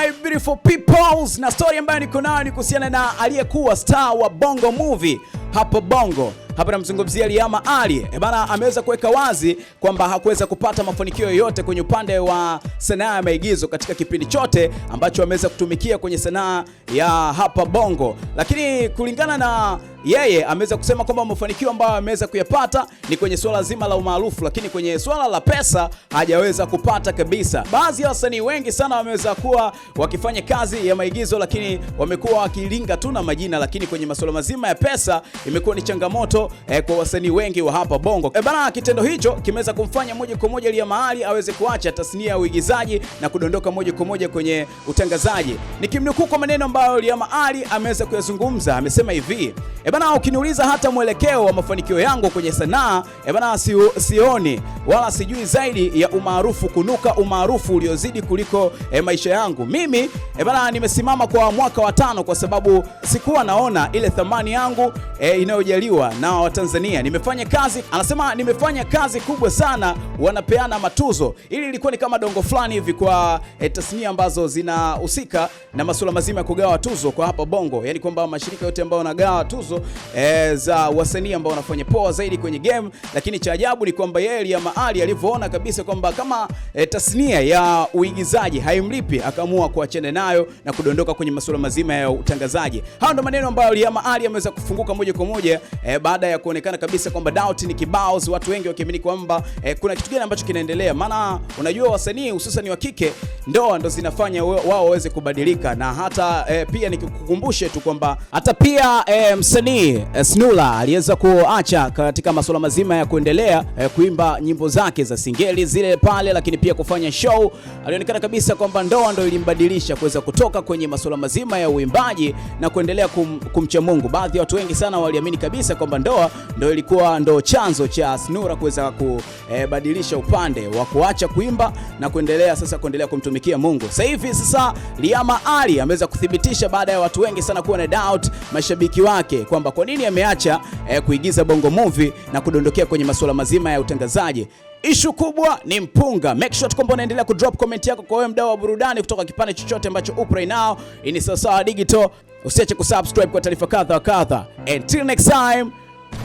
my beautiful peoples, na story ambayo niko nayo ni kuhusiana na aliyekuwa star wa Bongo Movie hapo Bongo hapa namzungumzia Riyama Ally e bana, ameweza kuweka wazi kwamba hakuweza kupata mafanikio yoyote kwenye upande wa sanaa ya maigizo katika kipindi chote ambacho ameweza kutumikia kwenye sanaa ya hapa Bongo, lakini kulingana na yeye ameweza kusema kwamba mafanikio ambayo ameweza kuyapata ni kwenye swala zima la umaarufu, lakini kwenye swala la pesa hajaweza kupata kabisa. Baadhi ya wasanii wengi sana wameweza kuwa wakifanya kazi ya maigizo, lakini wamekuwa wakilinga tu na majina, lakini kwenye masuala mazima ya pesa imekuwa ni changamoto eh, kwa wasanii wengi wa hapa Bongo. Eh, bana kitendo hicho kimeweza kumfanya moja kwa moja Lia Mahali aweze kuacha tasnia ya uigizaji na kudondoka moja kwa moja kwenye utangazaji. Nikimnukuu kwa maneno ambayo Lia Mahali ameweza kuyazungumza, amesema hivi eh, bana, ukiniuliza hata mwelekeo wa mafanikio yangu kwenye sanaa eh, bana, si, sioni wala sijui zaidi ya umaarufu kunuka umaarufu uliozidi kuliko eh, maisha yangu mimi eh, bana, nimesimama kwa mwaka wa tano kwa sababu sikuwa naona ile thamani yangu e, Eh, inayojaliwa na Watanzania. Nimefanya kazi, anasema nimefanya kazi kubwa sana, wanapeana matuzo. Ili ilikuwa ni kama dongo fulani hivi kwa eh, tasnia ambazo zinahusika na masuala mazima ya kugawa tuzo kwa hapa Bongo, yani kwamba mashirika yote ambayo wanagawa tuzo e, za wasanii ambao wanafanya poa zaidi kwenye game, lakini cha ajabu ni kwamba yeye Lia Maali alivyoona kabisa kwamba kama e, tasnia ya uigizaji haimlipi akaamua kuachana nayo na kudondoka kwenye masuala mazima ya utangazaji. Hayo ndo maneno ambayo Lia Maali ameweza kufunguka moja kwa moja eh, baada ya kuonekana kabisa kwamba Doubt ni kibao, watu wengi wakiamini kwamba eh, kuna kitu gani ambacho kinaendelea. Maana unajua wasanii hususan wa kike ndoa ndo zinafanya wao waweze kubadilika, na hata eh, pia nikukumbushe tu kwamba hata pia eh, msanii eh, Snula aliweza kuacha katika masuala mazima ya kuendelea eh, kuimba nyimbo zake za singeli zile pale, lakini pia kufanya show. Alionekana kabisa kwamba ndoa ndo ilimbadilisha kuweza kutoka kwenye masuala mazima ya uimbaji na kuendelea kum, kumcha Mungu. Baadhi ya watu wengi sana waliamini kabisa kwamba ndoa ndo ilikuwa ndo chanzo cha Snura kuweza kubadilisha eh, upande wa kuacha kuimba na kuendelea sasa kuendelea kumtumikia Mungu. Sasa hivi sasa liama Ali ameweza kuthibitisha baada ya watu wengi sana kuwa na doubt mashabiki wake kwamba kwa nini ameacha eh, kuigiza bongo movie na kudondokea kwenye masuala mazima ya utangazaji. Ishu kubwa ni mpunga. Make sure tukomba unaendelea kudrop comment yako kwa wewe mdau wa burudani kutoka kipande chochote ambacho upo right now. Ini sawasawa digital. Usiache kusubscribe kwa taarifa kadha wa kadha. Until next time.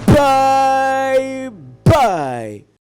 Bye bye.